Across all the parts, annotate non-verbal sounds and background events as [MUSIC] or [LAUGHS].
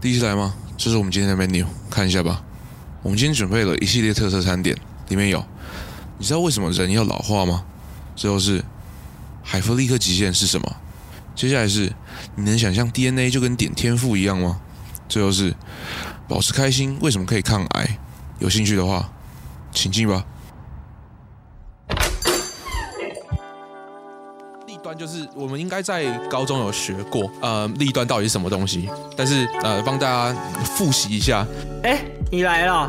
第一次來嗎？這是我們今天的 menu，看一下吧。我們今天準備了一系列特色餐點，裡面有，你知道為什麼人要老化嗎？最後是海佛烈克極限是什麼？接下來是你能想象 DNA 就跟點天賦一樣嗎？最後是保持開心，為什麼可以抗癌？有興趣的話，請進吧。段就是我們應該在高中有學過，呃，立端到底是什麼東西？但是呃，幫大家複習一下。哎，欸，你來了，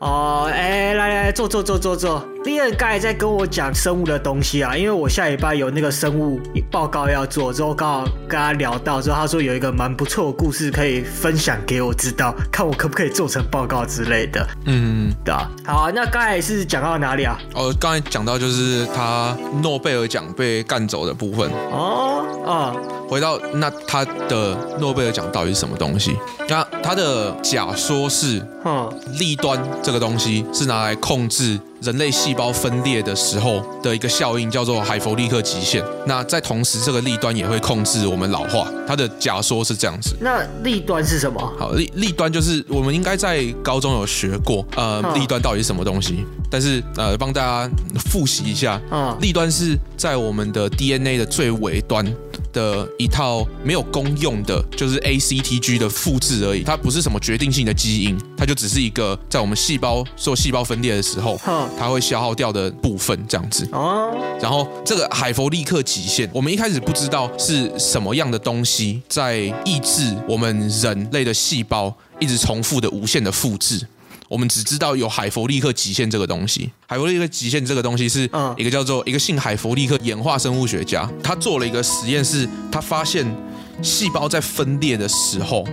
哦，哎，欸，來來來，坐坐坐坐坐。坐坐第二剛才在跟我講生物的東西啊，因為我下禮拜有那個生物報告要做，之後剛好跟他聊到之後，他說有一個蠻不錯的故事可以分享給我知道，看我可不可以做成報告之類的。嗯，對啊。好，那剛才是講到哪裡啊？哦，剛才講到就是他諾貝爾獎被幹走的部分。哦，啊、哦。回到那他的諾貝爾獎到底是什麼東西？那他的假說是，哼，力端這個東西是拿來控制。人類細胞分裂的時候的一個效應叫做海佛烈克極限。那在同時，這個利端也會控制我們老化。它的假說是這樣子。那利端是什麼？好，利、利端就是我們應該在高中有學過。呃，哦、利端到底是什麼東西？但是呃，幫大家複習一下。啊、哦，立端是在我們的 DNA 的最尾端，的一套沒有公用的，就是 A C T G 的複製而已，它不是什麼決定性的基因，它就只是一個在我們細胞做細胞分裂的時候，它會消耗掉的部分這樣子。然後這個海佛烈克極限，我們一開始不知道是什麼樣的東西在抑制我們人類的細胞一直重複的無限的複製。我們只知道有海佛烈克極限這個東西，海佛烈克極限這個東西是一個叫做一個姓海佛烈克演化生物學家，他做了一個實驗，是他發現細胞在分裂的時候。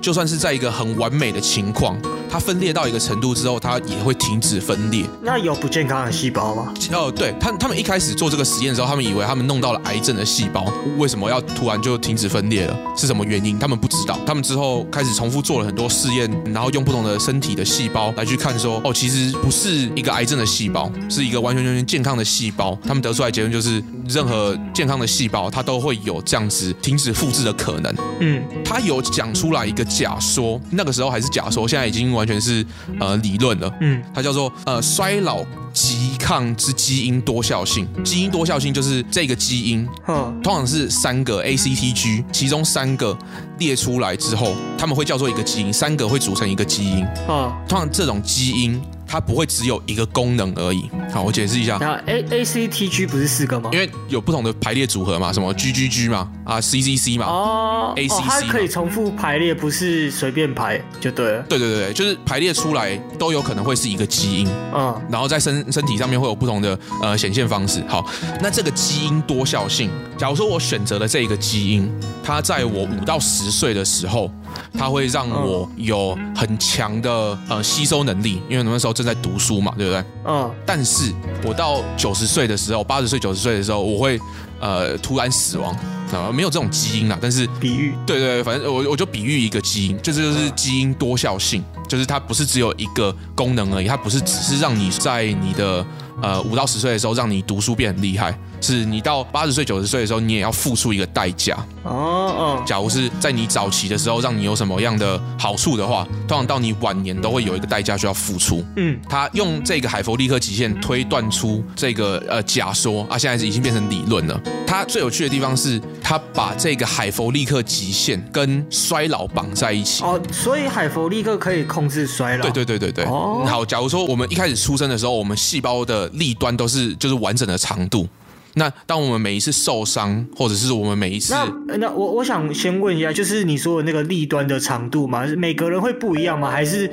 就算是在一個很完美的情況，它分裂到一個程度之後，它也會停止分裂。那有不健康的細胞嗎？哦，對，他他們一開始做這個實驗的時候，他們以為他們弄到了癌症的細胞，為什麼要突然就停止分裂了？是什麼原因？他們不知道。他們之後開始重複做了很多試驗，然後用不同的身體的細胞來去看說，說哦，其實不是一個癌症的細胞，是一個完全全全健康的細胞。他們得出來的結論就是，任何健康的細胞它都會有這樣子停止複製的可能。嗯，他有講出來一個。假說，那個時候還是假說，現在已經完全是呃理論了。嗯，它叫做呃衰老拮抗之基因多效性。基因多效性就是這個基因，嗯，通常是三個 A C T G，其中三個列出來之後，他們會叫做一個基因，三個會組成一個基因。嗯，通常這種基因。它不會只有一個功能而已。好，我解釋一下那。那 A A C T G 不是四個嗎？因為有不同的排列組合嘛，什麼 G G G 嘛，啊 C C C 嘛。哦，A C C。它可以重複排列，不是隨便排就對了。對對對對，就是排列出來都有可能會是一個基因。嗯，然後在身身體上面會有不同的呃顯現方式。好，那這個基因多效性，假如說我選擇了這一個基因，它在我五到十歲的時候，它會讓我有很強的呃吸收能力，因為那時候正在讀書嘛，對不對？嗯。但是我到九十歲的時候，八十歲、九十歲的時候，我會呃突然死亡，知、呃、沒有這種基因啦。但是比喻，對，對對，反正我我就比喻一個基因，就是就是基因多效性、嗯，就是它不是只有一個功能而已，它不是只是讓你在你的呃五到十歲的時候讓你讀書變很厲害。是你到八十歲、九十歲的時候，你也要付出一個代價哦。哦，假如是在你早期的時候讓你有什麼樣的好處的話，通常到你晚年都會有一個代價需要付出。嗯，他用這個海佛烈克極限推斷出這個呃假說啊，現在是已經變成理論了。他最有趣的地方是，他把這個海佛烈克極限跟衰老綁在一起。哦，所以海佛烈克可以控制衰老。對對對對對。哦，好，假如說我們一開始出生的時候，我們細胞的粒端都是就是完整的長度。那當我們每一次受傷，或者是我們每一次那……那我我想先問一下，就是你說的那個立端的長度嘛，每個人會不一樣嗎？還是？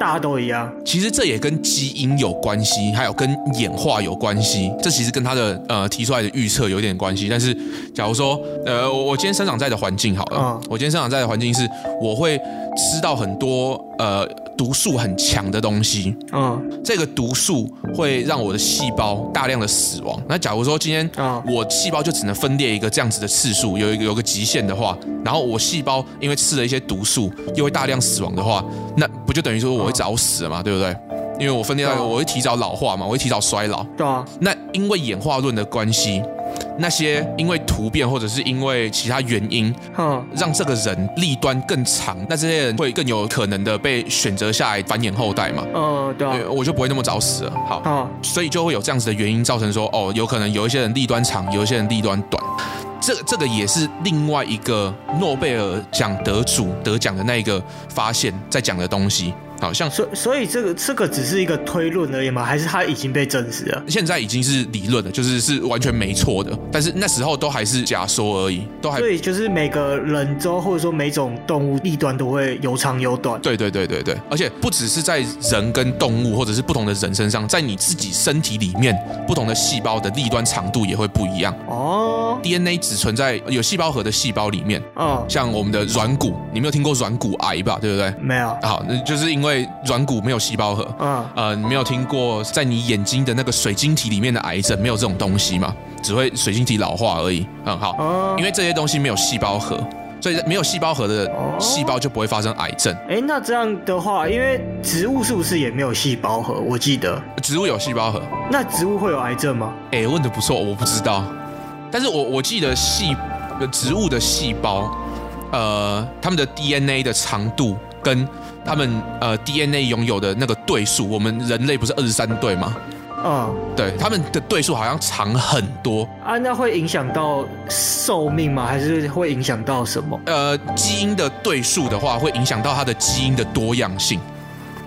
大家都一樣，其實這也跟基因有關係，還有跟演化有關係。這其實跟他的呃提出來的預測有點關係。但是假如說呃我今天生長在的環境好了，嗯、我今天生長在的環境是我會吃到很多呃毒素很強的東西，嗯，這個毒素會讓我的細胞大量的死亡。那假如說今天、嗯、我細胞就只能分裂一個這樣子的次數，有一個有個極限的話，然後我細胞因為吃了一些毒素又會大量死亡的話，那不就等於說我、嗯。早死嘛，對不對？因為我分裂到，我會提早老化嘛、啊，我會提早衰老。對啊。那因為演化論的關係，那些因為突變或者是因為其他原因，啊、讓這個人立端更長，那這些人會更有可能的被選擇下來繁衍後代嘛。嗯、啊，對。我就不會那麼早死了。好。哦、啊。所以就會有這樣子的原因造成說，哦，有可能有一些人立端長，有一些人立端短。這這個也是另外一個諾貝爾獎得主得獎的那一個發現，在講的東西。好像，所以所以這個這個只是一個推論而已嘛，還是它已經被證實了？現在已經是理論了，就是是完全沒錯的。但是那時候都還是假說而已，都還。對，就是每個人種或者說每種動物，力端都會有長有短。對對對對對。而且不只是在人跟動物，或者是不同的人身上，在你自己身體裡面，不同的細胞的力端長度也會不一樣。哦。DNA 只存在有細胞核的細胞裡面。嗯、哦。像我們的軟骨，你沒有聽過軟骨癌吧？對不對？沒有。好，那就是因為。因為軟骨沒有細胞核。嗯、啊，呃，你沒有聽過在你眼睛的那個水晶體裡面的癌症？沒有這種東西嗎？只會水晶體老化而已。很、嗯、好、啊，因為這些東西沒有細胞核，所以沒有細胞核的細胞就不會發生癌症。哎、欸，那這樣的話，因為植物是不是也沒有細胞核？我記得植物有細胞核，那植物會有癌症嗎？哎、欸，問得不錯，我不知道。但是我我記得細植物的細胞，呃，它們的 DNA 的長度跟。他們呃 DNA 擁有的那個對數，我們人類不是二十三對嗎？嗯，對，他們的對數好像長很多啊。那會影響到壽命嗎？還是會影響到什麼？呃，基因的對數的話，會影響到它的基因的多樣性。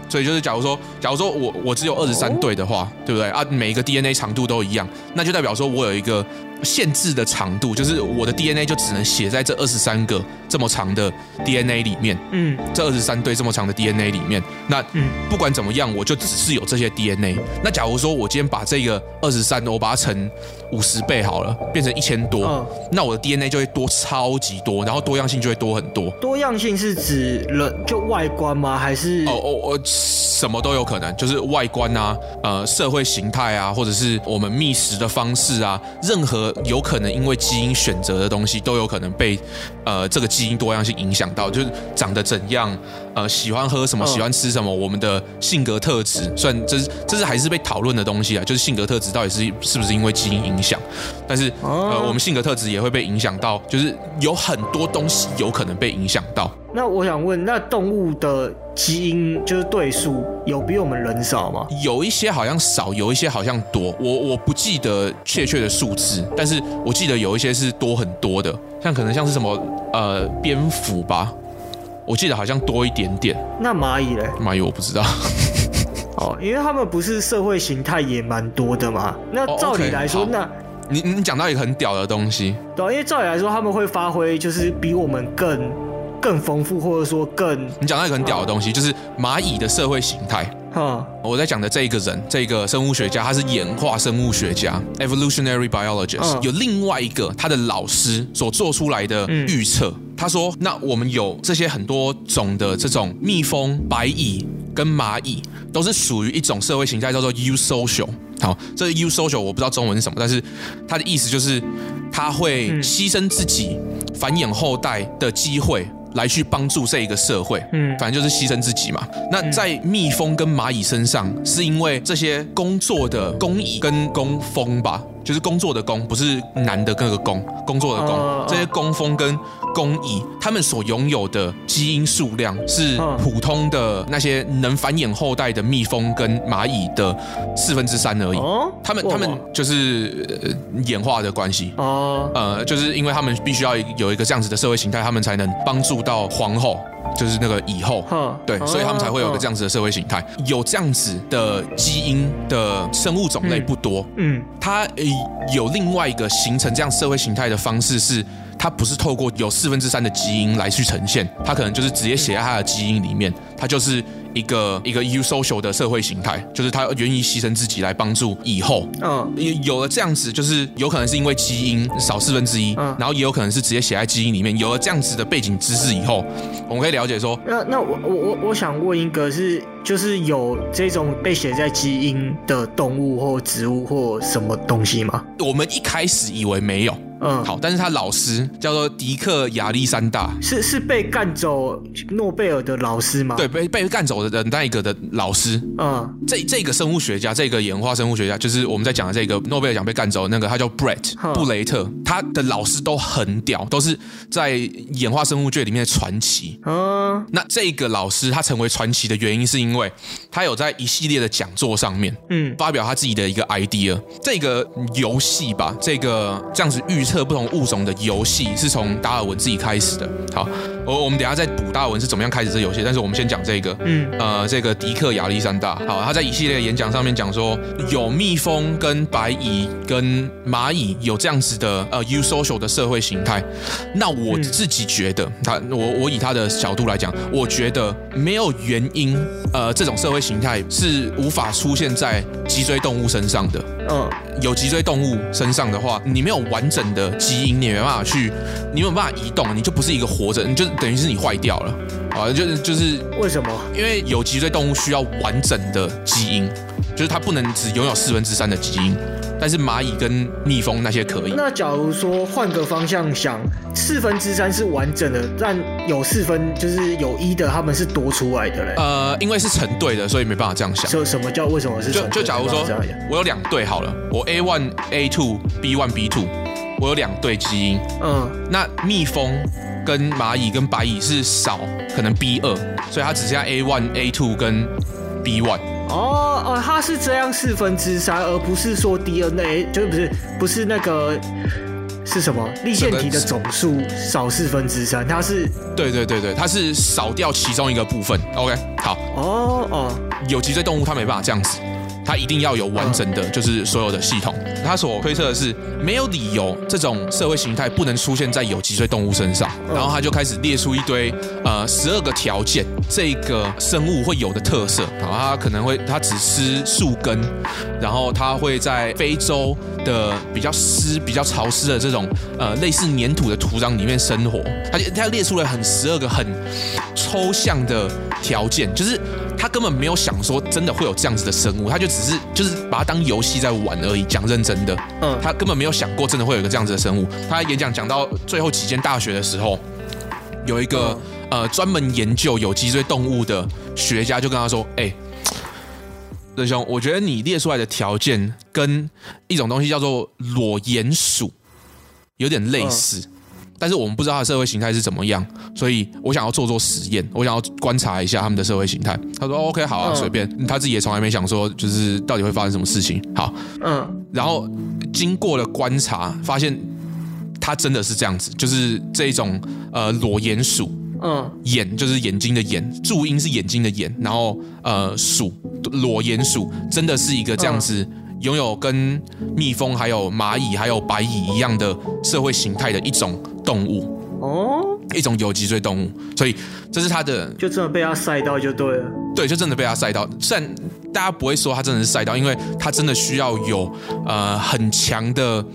所以就是，假如說，假如說我我只有二十三對的話，哦、對不對啊？每一個 DNA 長度都一樣，那就代表說我有一個。限制的長度，就是我的 DNA 就只能寫在這二十三個這麼長的 DNA 裡面。嗯，這二十三對這麼長的 DNA 裡面，那不管怎麼樣，嗯，我就只是有這些 DNA。那假如說我今天把這個二十三，我把它乘五十倍好了，變成一千多，嗯，那我的 DNA 就會多超級多，然後多樣性就會多很多。多樣性是指人，就外觀嗎？還是，哦哦哦，什麼都有可能，就是外觀啊，呃，社會形態啊，或者是我們覓食的方式啊，任何。有可能因為基因選擇的東西都有可能被，呃，這個基因多樣性影響到，就是長得怎樣。呃，喜歡喝什麼，喜歡吃什麼，嗯、我們的性格特質算這是這是還是被討論的東西啊？就是性格特質到底是是不是因為基因影響？但是、啊、呃，我們性格特質也會被影響到，就是有很多東西有可能被影響到。那我想問，那動物的基因就是對數有比我們人少嗎？有一些好像少，有一些好像多。我我不記得確切的數字、嗯，但是我記得有一些是多很多的，像可能像是什麼呃，蝙蝠吧。我記得好像多一點點。那螞蟻呢？螞蟻我不知道。 [LAUGHS] 哦，因為他們不是社會形態也蠻多的嘛。那照理來說，哦、okay，那你你講到一個很屌的東西，對，因為照理來說他們會發揮就是比我們更更豐富，或者說更……你講到一個很屌的東西，哦、就是螞蟻的社會形態、哦。我在講的這一個人，這一個生物學家他是演化生物學家 （evolutionary biologist），、嗯、有另外一個他的老師所做出來的預測。嗯他說：“那我們有這些很多種的這種蜜蜂、白蟻跟螞蟻，都是屬於一種社會形態，叫做 eusocial。好，這個 eusocial 我不知道中文是什麼，但是它的意思就是它會犧牲自己繁衍後代的機會來去幫助這一個社會。嗯，反正就是犧牲自己嘛。那在蜜蜂跟螞蟻身上，是因為這些工作的工蟻跟工蜂吧，就是工作的工，不是男的跟個工，工作的工，這些工蜂跟，”工蟻它們所擁有的基因數量是普通的那些能繁衍後代的蜜蜂跟螞蟻的四分之三而已。哦、他們他們就是演化的關係。哦，呃，就是因為他們必須要有一個這樣子的社會形態，他們才能幫助到皇後，就是那個蟻後、哦。對，所以他們才會有一個這樣子的社會形態。有這樣子的基因的生物種類不多。嗯，嗯，它有另外一個形成這樣社會形態的方式是。它不是透過有四分之三的基因來去呈現，它可能就是直接寫在它的基因裡面，它、嗯、就是一個一個 eusocial 的社會形態，就是它願意犧牲自己來幫助以後。嗯，有了這樣子，就是有可能是因為基因少四分之一，嗯，然後也有可能是直接寫在基因裡面。有了這樣子的背景知識以後，我們可以了解說，那那我我我我想問一個是，就是有這種被寫在基因的動物或植物或什麼東西嗎？我們一開始以為沒有。嗯，好，但是他老師叫做迪克亞歷山大，是是被幹走諾貝爾的老師嗎？對，被被幹走的那一個的老師，嗯，這這個生物學家，這個演化生物學家，就是我們在講的這個諾貝爾獎被幹走的那個，他叫 Brett，布雷特，他的老師都很屌，都是在演化生物界裡面的傳奇。啊、嗯，那這個老師他成為傳奇的原因是因為他有在一系列的講座上面，嗯，發表他自己的一個 idea，這個遊戲吧，這個這樣子預特不同物種的遊戲是從達爾文自己開始的。好。哦，我們等一下再補大文是怎麼樣開始這遊戲，但是我們先講這個，嗯，呃，這個迪克亞歷山大，好，他在一系列的演講上面講說，有蜜蜂跟白蟻跟螞蟻有這樣子的，呃，U social 的社會形態，那我自己覺得，嗯、他我我以他的角度來講，我覺得沒有原因，呃，這種社會形態是無法出現在脊椎動物身上的，嗯，有脊椎動物身上的話，你沒有完整的基因，你也沒辦法去，你沒有辦法移動，你就不是一個活着，你就。等於是你壞掉了啊！就是就是為什麼？因為有脊椎動物需要完整的基因，就是它不能只擁有四分之三的基因，但是螞蟻跟蜜蜂那些可以。那假如說換個方向想，四分之三是完整的，但有四分就是有一的，他們是多出來的嘞。呃，因為是成對的，所以沒辦法這樣想。說什麼叫為什麼是？就就假如說，我有兩對好了，我 A one A two B one B two，我有兩對基因。嗯，那蜜蜂。跟螞蟻跟白蟻是少可能 B 二，所以它只剩下 A one、A two 跟 B one。哦哦、呃，它是這樣四分之三，而不是說 DNA 就是不是不是那個是什麼？粒線體的總數少四分之三，它是對對對對，它是少掉其中一個部分。OK，好。哦哦，有脊椎動物它沒辦法這樣子。他一定要有完整的，就是所有的系統。他所推測的是，沒有理由這種社會形態不能出現在有脊椎動物身上。然後他就開始列出一堆，呃，十二個條件，這個生物會有的特色。然後它可能會，它只吃樹根，然後它會在非洲的比較濕、比較潮濕的這種，呃，類似粘土的土壤裡面生活。它它列出了很十二個很抽象的條件，就是。他根本沒有想說真的會有這樣子的生物，他就只是就是把它當遊戲在玩而已。講認真的，嗯，他根本沒有想過真的會有一個這樣子的生物。他演講講到最後幾間大學的時候，有一個、嗯、呃專門研究有脊椎動物的學家就跟他說：“哎、欸，仁兄，我覺得你列出來的條件跟一種東西叫做裸鼴鼠有點類似。嗯”但是我們不知道他的社會形態是怎麼樣，所以我想要做做實驗，我想要觀察一下他們的社會形態。他說 OK，好啊，隨便。他自己也從來沒想說，就是到底會發生什麼事情。好，嗯，然後經過了觀察，發現他真的是這樣子，就是這一種呃裸鼴鼠，嗯，眼就是眼睛的眼，注音是眼睛的眼，然後呃鼠裸鼴鼠真的是一個這樣子。擁有跟蜜蜂、還有螞蟻、還有白蟻一樣的社會形態的一種動物，哦，一種有脊椎動物，所以這是它的，就這麼被它曬到就對了，對，就真的被它曬到，雖然大家不會說它真的是曬到，因為它真的需要有呃很強的。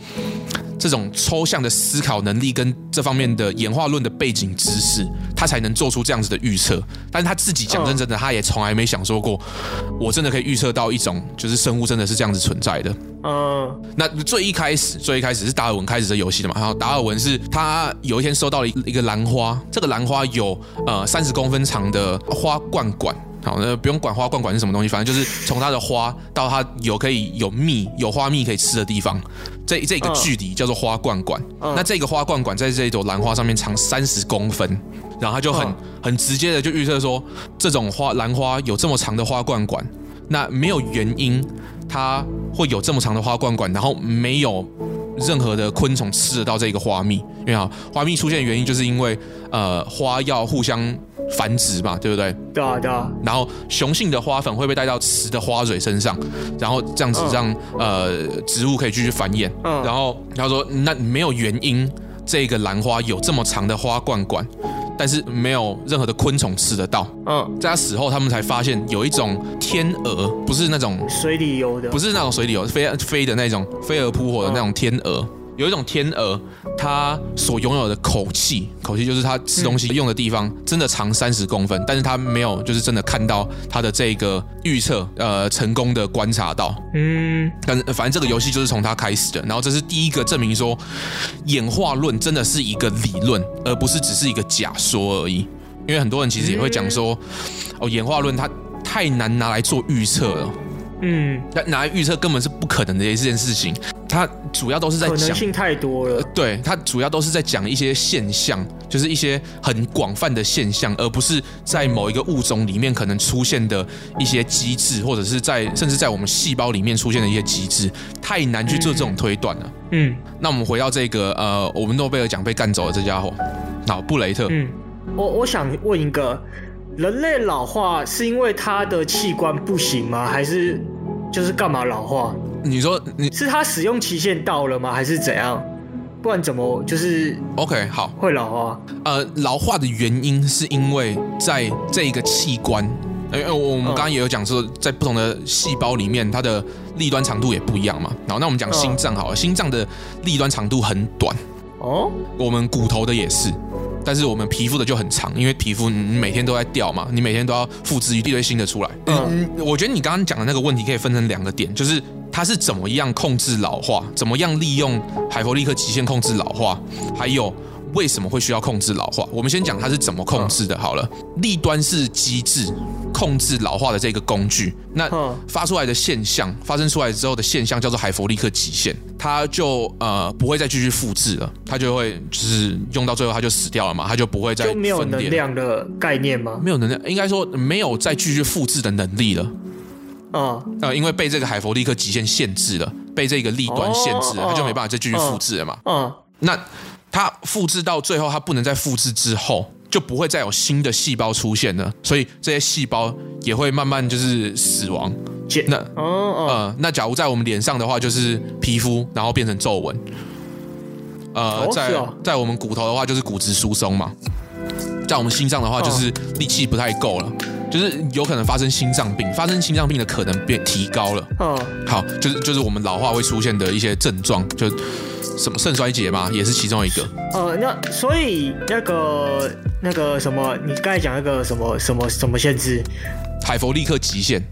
這種抽象的思考能力跟這方面的演化論的背景知識，他才能做出這樣子的預測。但是他自己講真真的，他也從來沒想說過，我真的可以預測到一種就是生物真的是這樣子存在的。嗯，那最一開始，最一開始是達爾文開始這遊戲的嘛。然後達爾文是他有一天收到了一一個蘭花，這個蘭花有呃三十公分長的花冠管，好，那不用管花冠管是什麼東西，反正就是從它的花到它有可以有蜜，有花蜜可以吃的地方。這這一個距離，叫做花冠管，那這個花冠管在這一朵蘭花上面長三十公分，然後他就很很直接的就預測說，這種花蘭花有這麼長的花冠管，那沒有原因它會有這麼長的花冠管，然後沒有任何的昆蟲吃得到這個花蜜，因為啊花蜜出現的原因就是因為呃花要互相繁殖嘛，對不對？對啊，對啊。然後雄性的花粉會被帶到雌的花蕊身上，然後這樣子讓、嗯、呃植物可以繼續繁衍。嗯。然後他說，那沒有原因，這個蘭花有這麼長的花冠管，但是沒有任何的昆蟲吃得到。嗯。在他死後，他們才發現有一種天蛾，不是那種水裡游的，不是那種水裡游飛飛的那種，飛蛾撲火的那種天蛾。嗯嗯有一種天蛾，它所擁有的口器，口器就是它吃東西用的地方，真的長三十公分。嗯、但是它沒有，就是真的看到它的這個預測，呃，成功的觀察到。嗯，但是，但反正這個遊戲就是從它開始的。然後這是第一個證明說，演化論真的是一個理論，而不是只是一個假說而已。因為很多人其實也會講說，嗯、哦，演化論它太難拿來做預測了。嗯，但拿來預測根本是不可能的一件事情。他主要都是在講可能性太多了。對，他主要都是在講一些現象，就是一些很廣泛的現象，而不是在某一個物種裡面可能出現的一些機制，或者是在甚至在我們細胞裡面出現的一些機制，太難去做這種推斷了。嗯，那我們回到這個呃，我們諾貝爾獎被幹走了這家伙，老布雷特嗯。嗯，我我想問一個，人類老化是因為他的器官不行嗎？還是就是幹嘛老化？你說你是它使用期限到了嗎？還是怎樣？不管怎麼，就是、啊、OK，好，會老化。呃，老化的原因是因為在這個器官，哎哎，我們剛剛也有講說，在不同的細胞裡面，它的端粒長度也不一樣嘛。然後，那我們講心臟好了，oh. 心臟的端粒長度很短哦。Oh. 我們骨頭的也是，但是我們皮膚的就很長，因為皮膚你每天都在掉嘛，你每天都要複製一堆新的出來。Oh. 嗯，我覺得你剛剛講的那個問題可以分成兩個點，就是。它是怎麼樣控制老化？怎麼樣利用海佛烈克極限控制老化？還有為什麼會需要控制老化？我們先講它是怎麼控制的好了。立、嗯、端是機制控制老化的這個工具，那發出來的現象，嗯、發生出來之後的現象叫做海佛烈克極限，它就呃不會再繼續複制了，它就會就是用到最後，它就死掉了嘛，它就不會再了就沒有能量的概念嗎？沒有能量，應該說沒有再繼續複制的能力了。嗯，呃，因為被這個海佛烈克極限限制了，被這個力端限制了，他就沒辦法再繼續複製了嘛。哦哦。嗯，那他複製到最後，他不能再複製之後，就不會再有新的細胞出現了，所以這些細胞也會慢慢就是死亡。那、哦哦呃，那假如在我們臉上的話，就是皮膚，然後變成皺紋。呃，在在我們骨頭的話，就是骨質疏鬆嘛。在我們心臟的話，就是力氣不太夠了。就是有可能發生心臟病，發生心臟病的可能變提高了。嗯，好，就是就是我們老化會出現的一些症狀，就什麼腎衰竭嘛，也是其中一個。呃，那所以那個那個什麼，你剛才講那個什麼什麼什麼限制，海佛烈克極限。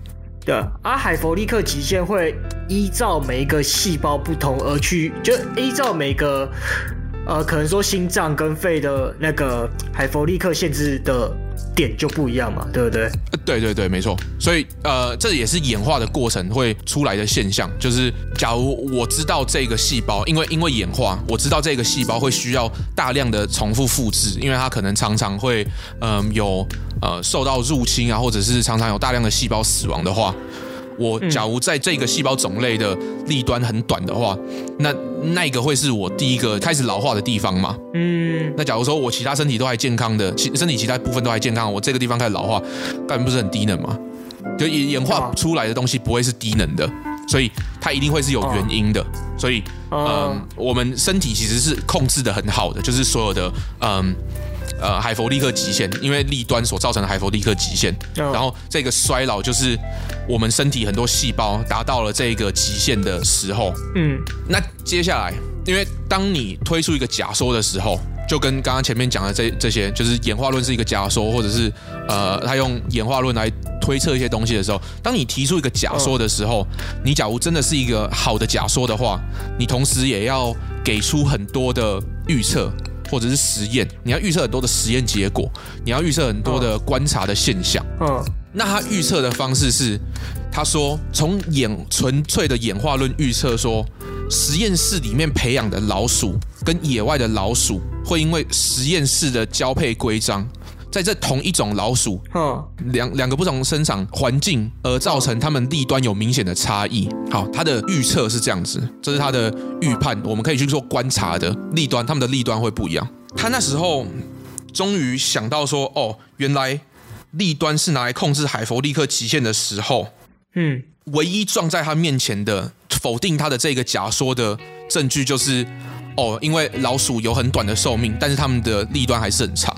對，啊，海佛烈克極限會依照每一個細胞不同而去，就依照每個呃，可能說心臟跟肺的那個海佛烈克限制的。點就不一樣嘛，對不對？呃，對對對，沒錯。所以，呃，這也是演化的過程會出來的現象。就是，假如我知道這個細胞，因為因為演化，我知道這個細胞會需要大量的重複複制，因為它可能常常會，嗯、呃，有呃受到入侵啊，或者是常常有大量的細胞死亡的話。我假如在這個細胞種類的端粒很短的話，那那個會是我第一個開始老化的地方嘛？嗯，那假如說我其他身體都還健康的，其身體其他部分都還健康，我這個地方開始老化，但不是很低能嘛？就演化出來的東西不會是低能的，所以它一定會是有原因的。哦、所以，嗯、呃，我們身體其實是控制得很好的，就是所有的，嗯、呃。呃，海佛烈克極限，因為力端所造成的海佛烈克極限，oh. 然後這個衰老就是我們身體很多細胞達到了這個極限的時候。嗯、mm.，那接下來，因為當你推出一個假說的時候，就跟剛剛前面講的這這些，就是演化論是一個假說，或者是呃，他用演化論來推測一些東西的時候，當你提出一個假說的時候，oh. 你假如真的是一個好的假說的話，你同時也要給出很多的預測。或者是實驗，你要預測很多的實驗結果，你要預測很多的觀察的現象。嗯，那他預測的方式是，他說從演，純粹的演化論預測說，實驗室裡面培養的老鼠跟野外的老鼠會因為實驗室的交配規章。在這同一種老鼠，嗯，兩兩個不同生長環境而造成它們力端有明顯的差異。好，它的預測是這樣子，這、就是它的預判，我們可以去做觀察的力端，它們的力端會不一樣。他那時候終於想到說，哦，原來力端是拿來控制海佛烈克極限的時候，嗯，唯一撞在他面前的否定他的這個假說的證據就是，哦，因為老鼠有很短的壽命，但是它們的利端還是很長。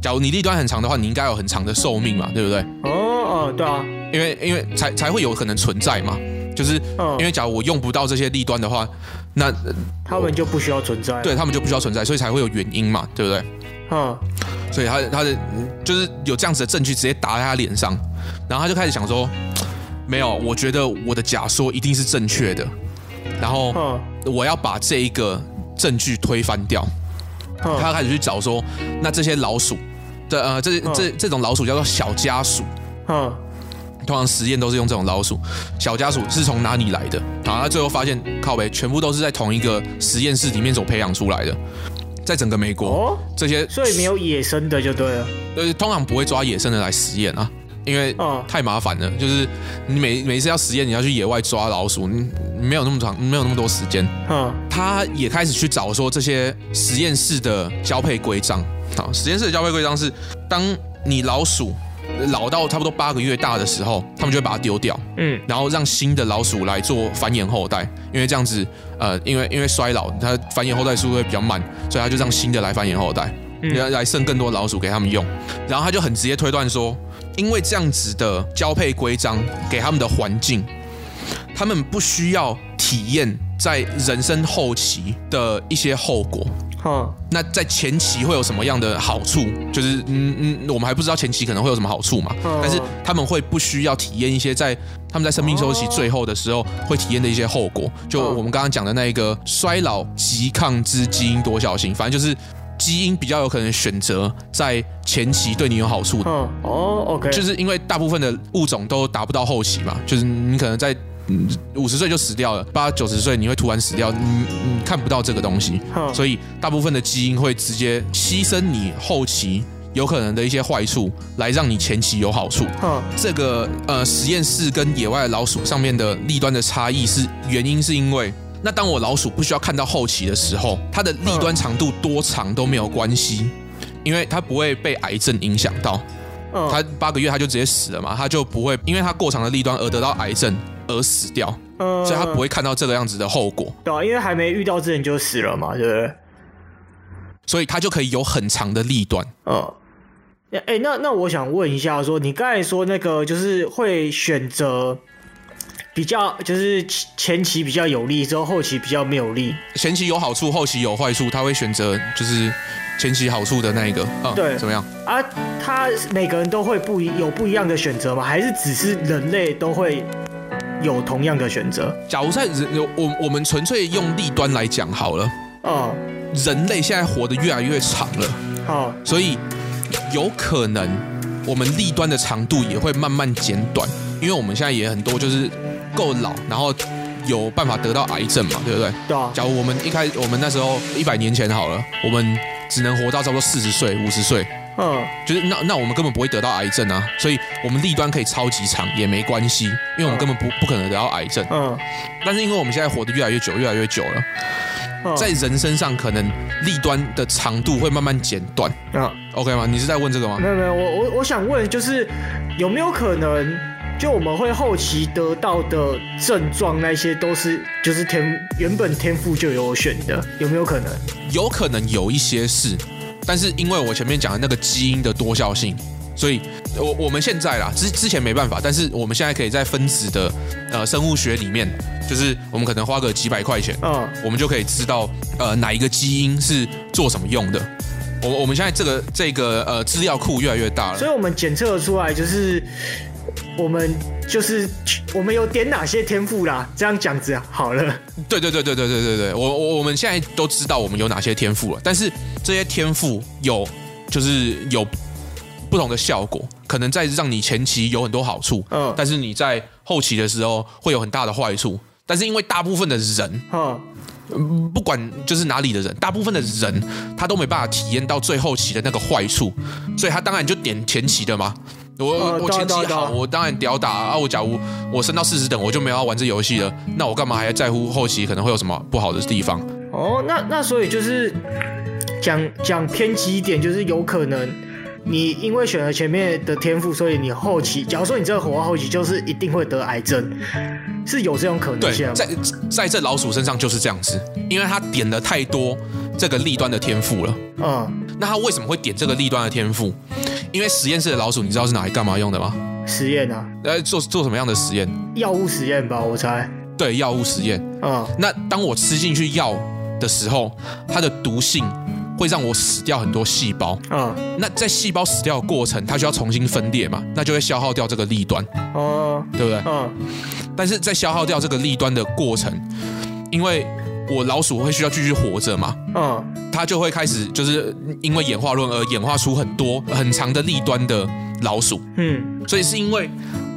假如你利端很長的話，你應該有很長的壽命嘛，對不對？哦哦，對啊，因為因為才才會有可能存在嘛，就是、哦、因為假如我用不到這些利端的話，那他們就不需要存在，對他們就不需要存在，所以才會有原因嘛，對不對？嗯、哦，所以他他的就是有這樣子的證據直接打在他臉上，然後他就開始想說，沒有，我覺得我的假說一定是正確的，然後、哦、我要把這一個證據推翻掉。他開始去找說，那這些老鼠，對呃，這這這種老鼠叫做小家鼠，嗯、哦，通常實驗都是用這種老鼠。小家鼠是從哪裡來的？然後他最後發現，靠北，全部都是在同一個實驗室裡面所培養出來的，在整個美國，哦、這些，所以沒有野生的就對了，對，通常不會抓野生的來實驗啊。因為太麻煩了，就是你每每次要實驗，你要去野外抓老鼠，你沒有那麼長，沒有那麼多時間。嗯，他也開始去找說，這些實驗室的交配規章。好，實驗室的交配規章是，當你老鼠老到差不多八個月大的時候，他們就會把它丟掉。嗯，然後讓新的老鼠來做繁衍後代，因為這樣子，呃，因為因為衰老，它繁衍後代速度會比較慢，所以他就讓新的來繁衍後代，來、嗯、來剩更多老鼠給他們用。然後他就很直接推斷說，因為這樣子的交配規章給他們的環境，他們不需要體驗在人生後期的一些後果。好，那在前期會有什麼樣的好處？就是嗯嗯，我們還不知道前期可能會有什麼好處嘛。但是他們會不需要體驗一些在他們在生命週期最後的時候會體驗的一些後果。就我們剛剛講的那一個衰老，拮抗基因多效性，反正就是。基因比較有可能選擇在前期對你有好處的。哦，OK，就是因為大部分的物種都達不到後期嘛，就是你可能在五十歲就死掉了，八九十歲你會突然死掉，你你看不到這個東西，所以大部分的基因會直接犧牲你後期有可能的一些壞處，來讓你前期有好處。這個呃實驗室跟野外老鼠上面的端粒的差異是原因是因為。那當我老鼠不需要看到後期的時候，它的立端長度多長都沒有關係，因為它不會被癌症影響到。嗯，它八個月它就直接死了嘛，它就不會因為它過長的立端而得到癌症而死掉。嗯，所以它不會看到這個樣子的後果。嗯，對啊，因為還沒遇到之前就死了嘛，對不對？所以它就可以有很長的立端。嗯，哎、欸，那那我想問一下說，說你剛才說那個就是會選擇。比較就是前期比較有利，之後後期比較沒有利。前期有好處，後期有壞處，他會選擇就是前期好處的那一個。啊，對，怎麼樣？啊，他每個人都會不有不一樣的選擇嗎？還是只是人類都會有同樣的選擇？假如在人我我們純粹用立端來講好了。哦，人類現在活得越來越長了。哦，所以有可能我們立端的長度也會慢慢減短，因為我們現在也很多就是。夠老，然後有辦法得到癌症嘛，對不對？對啊。假如我們一開，我們那時候一百年前好了，我們只能活到差不多四十歲、五十歲。嗯。就是那那我們根本不會得到癌症啊，所以我們立端可以超級長也沒關係，因為我們根本不不可能得到癌症。嗯。但是因為我們現在活得越來越久，越來越久了，在人身上可能立端的長度會慢慢減短。嗯。OK 嗎？你是在問這個嗎？沒有沒有，我我我想問就是有沒有可能？就我們會後期得到的症狀，那些都是就是天原本天賦就有選的，有沒有可能？有可能有一些是，但是因為我前面講的那個基因的多效性，所以我我們現在啦之之前沒辦法，但是我們現在可以在分子的呃生物學裡面，就是我們可能花個幾百塊錢，嗯，我們就可以知道呃哪一個基因是做什麼用的。我我們現在這個這個呃資料庫越來越大了，所以我們檢測出來就是。我們就是我們有點哪些天賦啦，這樣講著好了。對對對對對對對對，我我我們現在都知道我們有哪些天賦了，但是這些天賦有就是有不同的效果，可能在讓你前期有很多好處，嗯、哦，但是你在後期的時候會有很大的壞處。但是因為大部分的人，嗯、哦，不管就是哪裡的人，大部分的人他都沒辦法體驗到最後期的那個壞處，所以他當然就點前期的嘛。我、啊、我前期好，啊，我當然屌打啊！我假如我升到四十等，我就沒有要玩這遊戲了，那我幹嘛還要在乎後期可能會有什麼不好的地方？哦，那那所以就是講講偏激一點，就是有可能。你因為選了前面的天賦，所以你後期，假如說你這個火花後期就是一定會得癌症，是有這種可能性嗎？在在這老鼠身上就是這樣子，因為它點了太多這個立端的天賦了。嗯，那它為什麼會點這個立端的天賦？因為實驗室的老鼠，你知道是拿來幹嘛用的嗎？實驗啊，呃，做做什麼樣的實驗？藥物實驗吧，我猜。對，藥物實驗。嗯，那當我吃進去藥的時候，它的毒性。會讓我死掉很多細胞，嗯、uh,，那在細胞死掉的過程，它需要重新分裂嘛，那就會消耗掉這個利端，哦、uh, uh,，對不對？嗯、uh,，但是在消耗掉這個利端的過程，因為我老鼠會需要繼續活着嘛，嗯，它就會開始就是因為演化論而演化出很多很長的利端的老鼠，嗯、uh,，所以是因為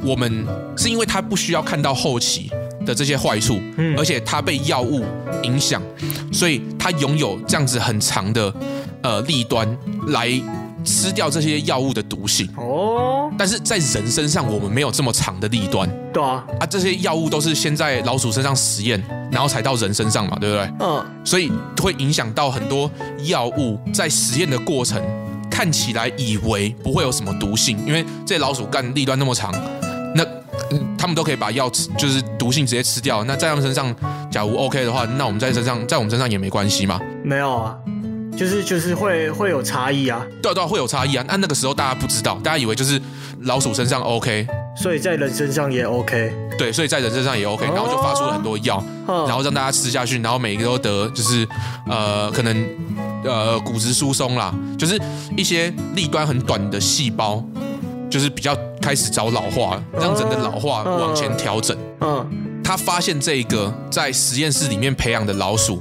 我們是因為它不需要看到後期。的這些壞處，而且它被藥物影響，所以它擁有這樣子很長的呃立端來吃掉這些藥物的毒性哦。但是在人身上，我們沒有這麼長的立端。對啊，啊，這些藥物都是先在老鼠身上實驗，然後才到人身上嘛，對不對？嗯，所以會影響到很多藥物在實驗的過程，看起來以為不會有什麼毒性，因為這些老鼠干立端那麼長。那他們都可以把藥吃，就是毒性直接吃掉。那在他們身上，假如 OK 的話，那我們在身上，在我們身上也沒關係嗎？沒有啊，就是就是會會有差異啊。對對，會有差異啊，啊，啊，啊。那那個時候大家不知道，大家以為就是老鼠身上 OK，所以在人身上也 OK。對，所以在人身上也 OK。然後就發出了很多藥，哦，然後讓大家吃下去，然後每一個都得就是呃，可能呃骨質疏鬆啦，就是一些粒端很短的細胞，就是比較。開始找老化，讓整個老化往前調整。嗯，他發現這一個在實驗室裡面培養的老鼠，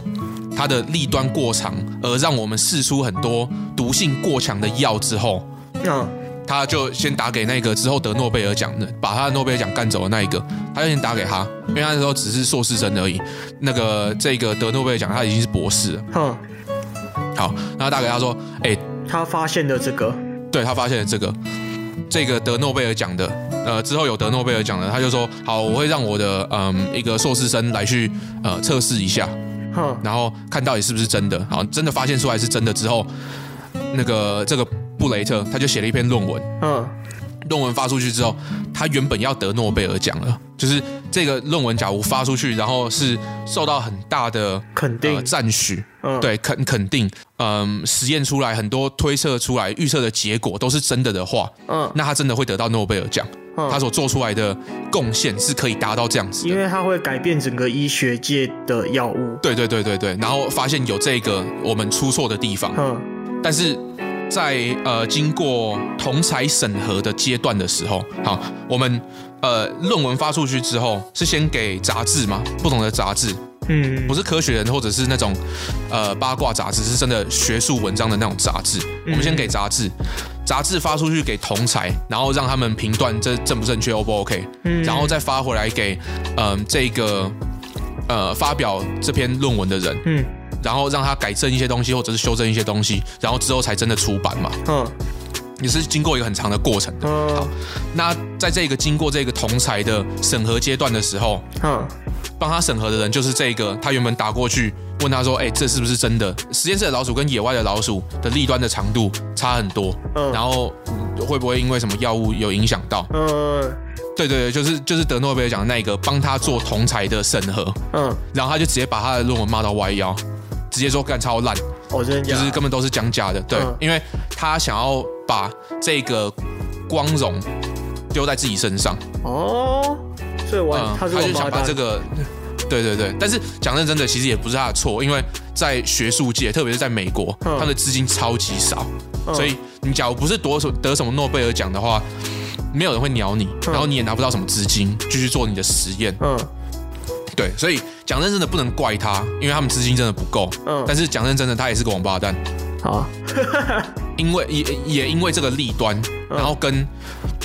它的利端過長，而讓我們試出很多毒性過強的藥之後，嗯，他就先打給那個之後得諾貝爾獎的，把他的諾貝爾獎幹走的那一個，他就先打給他，因為他那時候只是碩士生而已。那個這個得諾貝爾獎，他已經是博士了。哼，好，然後打給他說，哎，他發現了這個，對，他發現了這個。這個得諾貝爾獎的，呃，之後有得諾貝爾獎的，他就說：“好，我會讓我的，嗯、呃，一個碩士生來去，呃，測試一下，Huh. 然後看到底是不是真的。好，真的發現出來是真的之後，那個這個布雷特他就寫了一篇論文。Huh. ”論文發出去之後，他原本要得諾貝爾獎了。就是這個論文假如發出去，然後是受到很大的肯定讚許、呃嗯。對，肯肯定，嗯、呃，實驗出來很多推測出來預測的結果都是真的的話，嗯，那他真的會得到諾貝爾獎。他所做出來的貢獻是可以達到這樣子的，因為他會改變整個醫學界的藥物。對對對對對，然後發現有這個我們出錯的地方。嗯，但是。在呃，經過同儕審核的階段的時候，好，我們呃，論文發出去之後，是先給雜誌嘛，不同的雜誌，嗯，不是科學人或者是那種呃八卦雜誌，是真的學術文章的那種雜誌。我們先給雜誌，嗯、雜誌發出去給同儕，然後讓他們評斷這正不正確，O 不 OK，然後再發回來給嗯、呃、這個呃發表這篇論文的人，嗯。然後讓他改正一些東西，或者是修正一些東西，然後之後才真的出版嘛。嗯，也是經過一個很長的過程的。好，那在這個經過這個同儕的審核階段的時候，嗯，幫他審核的人就是這個，他原本打過去問他說，哎、欸，這是不是真的？實驗室的老鼠跟野外的老鼠的立端的長度差很多，然後會不會因為什麼藥物有影響到？嗯、對對對，就是就是得諾貝爾獎那個幫他做同儕的審核，嗯，然後他就直接把他的論文罵到歪腰。直接說幹超爛，oh,，就是根本都是講假的。對、嗯，因為他想要把這個光榮丟在自己身上。哦、oh,，所以他我，我、嗯、他就想把這個。嗯、對對對，但是講認真的，其實也不是他的錯，因為在學術界，特別是在美國，嗯、他的資金超級少，所以你假如不是奪得什麼諾貝爾獎的話，沒有人會鳥你，嗯、然後你也拿不到什麼資金繼續做你的實驗。嗯。對，所以講認真，真的不能怪他，因為他們資金真的不夠。嗯，但是講認真，真的，他也是個王八蛋。好、啊， [LAUGHS] 因為也也因為這個利端、嗯，然後跟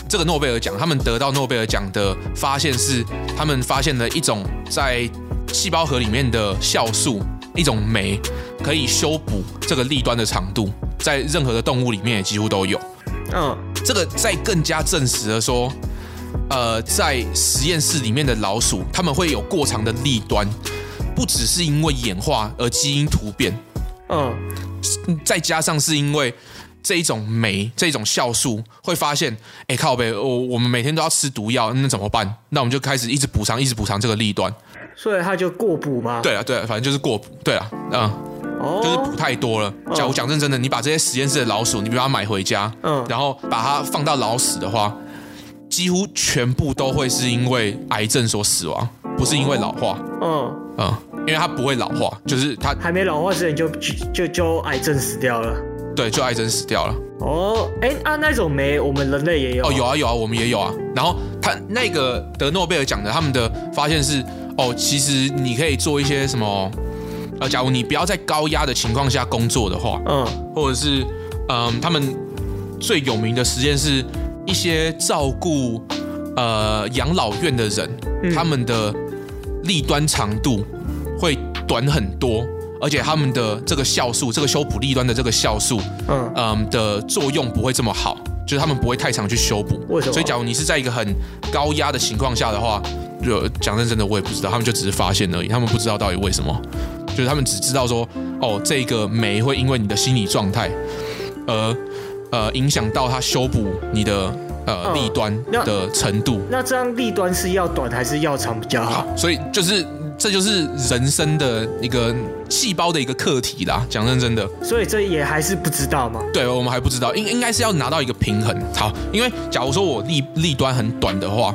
這個諾貝爾獎，他們得到諾貝爾獎的發現是，他們發現了一種在細胞核裡面的酵素，一種酶，可以修補這個利端的長度，在任何的動物裡面也幾乎都有。嗯，這個再更加證實了說。呃，在實驗室裡面的老鼠，它們會有過長的力端，不只是因為演化而基因突變，嗯，再加上是因為這一種酶，這一種酵素，會發現，哎，靠北，我我們每天都要吃毒藥，那怎麼辦？那我們就開始一直補償，一直補償這個力端，所以它就過補嗎？對啊，對啊，反正就是過補，對啊，嗯，哦，就是補太多了。假如講講真真的，嗯，你把這些實驗室的老鼠，你比如它買回家，嗯，然後把它放到老死的話。幾乎全部都會是因為癌症所死亡，不是因為老化。哦、嗯嗯，因為它不會老化，就是它還沒老化之前就就就，就癌症死掉了。對，就癌症死掉了。哦，哎、欸、啊，那種酶我們人類也有。哦，有啊有啊，我們也有啊。然後他那個得諾貝爾獎的，他們的發現是，哦，其實你可以做一些什麼，呃，假如你不要在高壓的情況下工作的話，嗯，或者是，嗯、呃，他們最有名的實驗是。一些照顧呃養老院的人、嗯，他們的立端長度會短很多，而且他們的這個酵素，這個修補立端的這個酵素，嗯嗯，的作用不會這麼好，就是他們不會太常去修補。為什麼？所以，假如你是在一個很高壓的情況下的話，就講認真的，我也不知道，他們就只是發現而已，他們不知道到底為什麼，就是他們只知道說，哦，這個酶會因為你的心理狀態而。呃，影響到它修補你的呃、嗯、利端的程度。那，那這樣利端是要短還是要長比較好？好，所以就是這就是人生的一個細胞的一個課題啦，講認真，真的。所以這也還是不知道嗎？對，我們還不知道，應應該是要拿到一個平衡。好，因為假如說我利利端很短的話，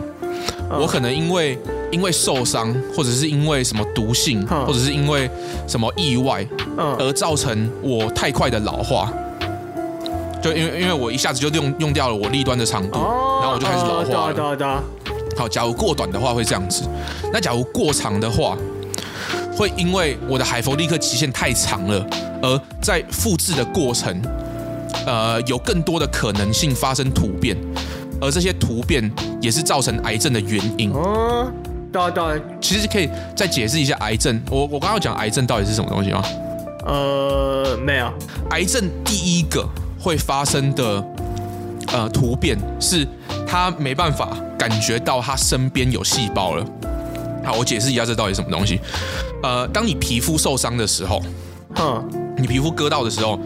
我可能因為、嗯、因為受傷，或者是因為什麼毒性，嗯、或者是因為什麼意外、嗯，而造成我太快的老化。就因為，因為我一下子就用用掉了我立端的長度，然後我就開始老化。好，假如過短的話會這樣子，那假如過長的話，會因為我的海佛烈克極限太長了，而在複製的過程，呃，有更多的可能性發生突變，而這些突變也是造成癌症的原因。哦，到到，其實可以再解釋一下癌症。我我剛剛講癌症到底是什麼東西嗎？呃，沒有，癌症第一個。會發生的，呃，突變是它沒辦法感覺到它身邊有細胞了。好，我解釋一下這到底什麼東西。呃，當你皮膚受傷的時候，嗯，你皮膚割到的時候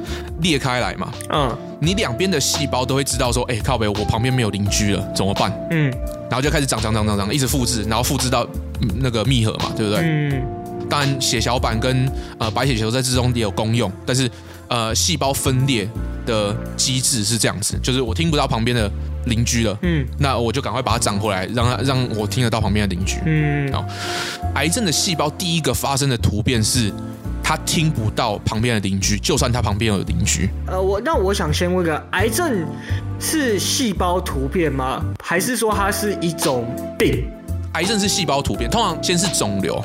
裂開來嘛，嗯，你兩邊的細胞都會知道說，哎、欸，靠北，我旁邊沒有鄰居了，怎麼辦？嗯，然後就開始長長長長長，一直複製，然後複製到、嗯、那個密合嘛，對不對？嗯。當然，血小板跟呃白血球在之中也有功用，但是。呃，細胞分裂的機制是這樣子，就是我聽不到旁邊的鄰居了，嗯，那我就趕快把它長回來，讓它讓我聽得到旁邊的鄰居，嗯，好，嗯。癌症的細胞第一個發生的突變是它聽不到旁邊的鄰居，就算它旁邊有鄰居。呃，我那我想先問個，癌症是細胞突變嗎？還是說它是一種病？癌症是細胞突變，通常先是腫瘤，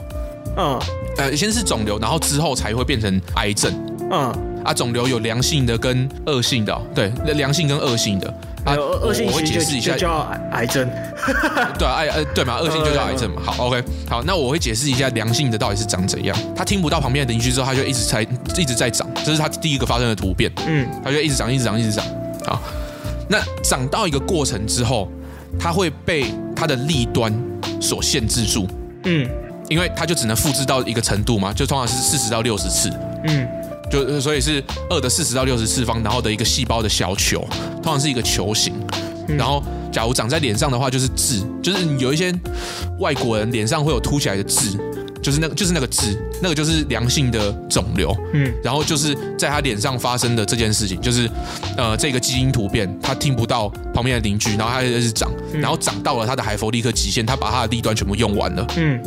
嗯，呃，先是腫瘤，然後之後才會變成癌症，嗯。它，啊，腫瘤有良性的跟惡性的。哦，對，良性跟惡性的。啊，有惡性我會解釋一下，就就叫癌症。 [LAUGHS] 對啊，哎哎，呃，對嘛，惡性就叫癌症嘛。哦、好，OK，好，那我會解釋一下良性的到底是長怎樣。他聽不到旁邊的鄰居之後，他就一直在一直在長，這是他第一個發生的突變。嗯，他就一直長，一直長，一直長。好，那長到一個過程之後，它會被它的立端所限制住。嗯，因為它就只能複製到一個程度嘛，就通常是四十到六十次。嗯。就所以是二的四十到六十次方，然後的一個細胞的小球，通常是一個球形。嗯、然後，假如長在臉上的話，就是痣，就是有一些外國人臉上會有凸起來的痣，就是那個就是那個痣，那個就是良性的腫瘤。嗯。然後就是在他臉上發生的這件事情，就是呃這個基因突變，他聽不到旁邊的鄰居，然後他開始長，嗯、然後長到了他的海佛烈克極限，他把他的力端全部用完了。嗯。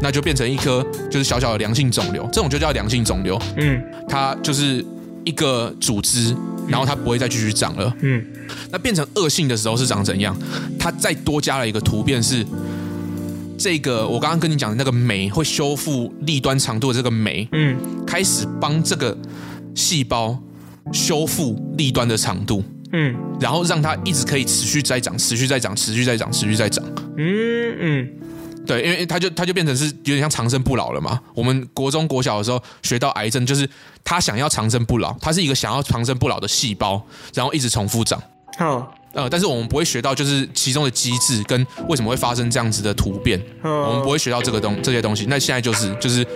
那就變成一顆就是小小的良性腫瘤，這種就叫良性腫瘤。嗯，它就是一個組織，嗯，然後它不會再繼續長了。嗯，那變成惡性的時候是長怎樣？它再多加了一個突變是，是這個我剛剛跟你講的那個酶會修復粒端長度的這個酶。嗯，開始幫這個細胞修復粒端的長度。嗯，然後讓它一直可以持續在長，持續在長，持續在長，持續在長。嗯嗯。對，因為它就它就變成是有點像長生不老了嘛。我們國中國小的時候學到癌症，就是他想要長生不老，他是一個想要長生不老的細胞，然後一直重複長。好，呃，但是我們不會學到就是其中的機制跟為什麼會發生這樣子的突變。我們不會學到這個東這些東西。那現在就是就是，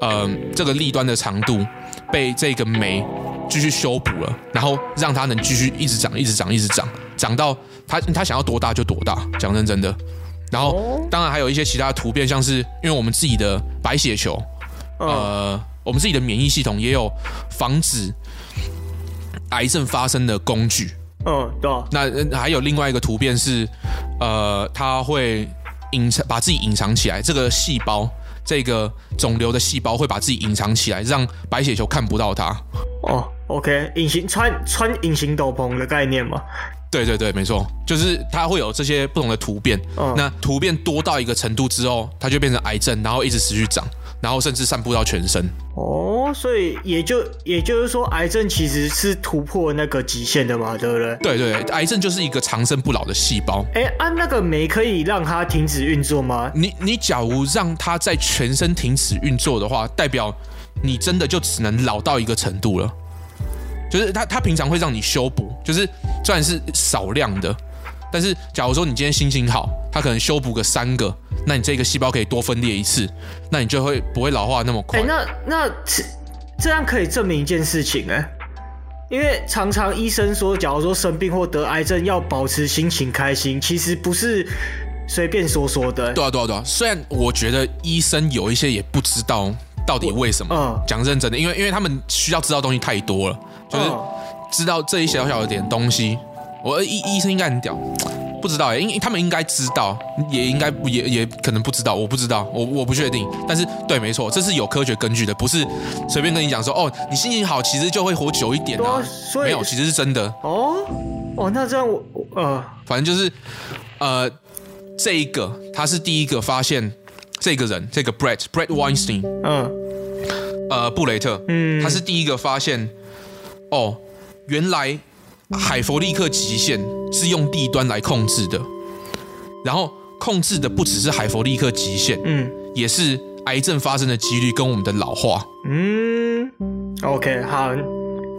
呃，這個立端的長度被這個酶繼續修補了，然後讓它能繼續一直長，一直長，一直長，一直長，長到它它想要多大就多大。講真真的。然後，當然還有一些其他的圖片，像是因為我們自己的白血球，呃，我們自己的免疫系統也有防止癌症發生的工具。嗯，對。那還有另外一個圖片是，呃，它會隱藏，把自己隱藏起來，這個細胞，這個腫瘤的細胞會把自己隱藏起來，讓白血球看不到它。哦，oh，OK，隱形穿穿隱形斗篷的概念嘛。對對對，沒錯，就是它會有這些不同的突變，嗯，那突變多到一個程度之後，它就變成癌症，然後一直持續長，然後甚至散布到全身。哦，所以也就也就是說，癌症其實是突破那個極限的嘛，對不對？對對，癌症就是一個長生不老的細胞。誒，按、啊，那個酶可以讓它停止運作嗎？你你假如讓它在全身停止運作的話，代表你真的就只能老到一個程度了。就是他，他平常會讓你修補，就是雖然是少量的，但是假如說你今天心情好，他可能修補個三個，那你這個細胞可以多分裂一次，那你就會不會老化那麼快？哎，那那這這樣可以證明一件事情哎、欸，因為常常醫生說，假如說生病或得癌症，要保持心情開心，其實不是隨便說說的。對啊，對啊，對啊。雖然我覺得醫生有一些也不知道到底為什麼，呃、講認真的，因為因為他們需要知道東西太多了。就是知道這一小小的點東西，我醫醫生應該很屌，不知道哎，因為他們應該知道，也應該也也可能不知道，我不知道，我我不確定。但是對，沒錯，這是有科學根據的，不是隨便跟你講說哦、喔，你心情好其實就會活久一點的、啊、沒有，其實是真的哦哦，那這樣我呃，反正就是呃，這一個他是第一個發現這個人，這個 Brett Brett Weinstein，嗯，呃，布雷特，嗯，他是第一個發現。哦，原來海佛烈克極限是用地端來控制的，然後控制的不只是海佛烈克極限，嗯，也是癌症發生的幾率跟我們的老化。嗯，OK，好，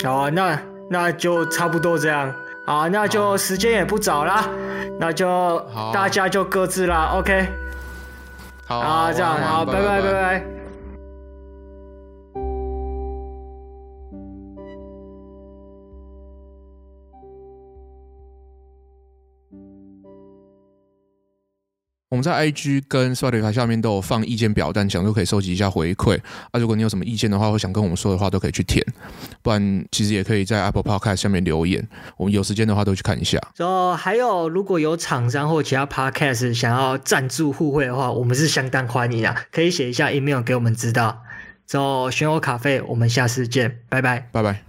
好，那那就差不多這樣，好，那就時間也不早了，那就大家就各自啦好，OK，好，啊，好啊玩玩，這樣，好，拜拜，拜拜。拜拜我們在 IG 跟 Spotify 下面都有放意見表單，但想說可以收集一下回饋。啊，如果你有什麼意見的話，或想跟我們說的話，都可以去填。不然其實也可以在 Apple Podcast 下面留言，我們有時間的話都去看一下。然、so, 後還有如果有廠商或其他 Podcast 想要贊助互惠的話，我們是相當歡迎的，啊，可以寫一下 email 給我們知道。就選我卡費，我們下次見，拜拜，拜拜。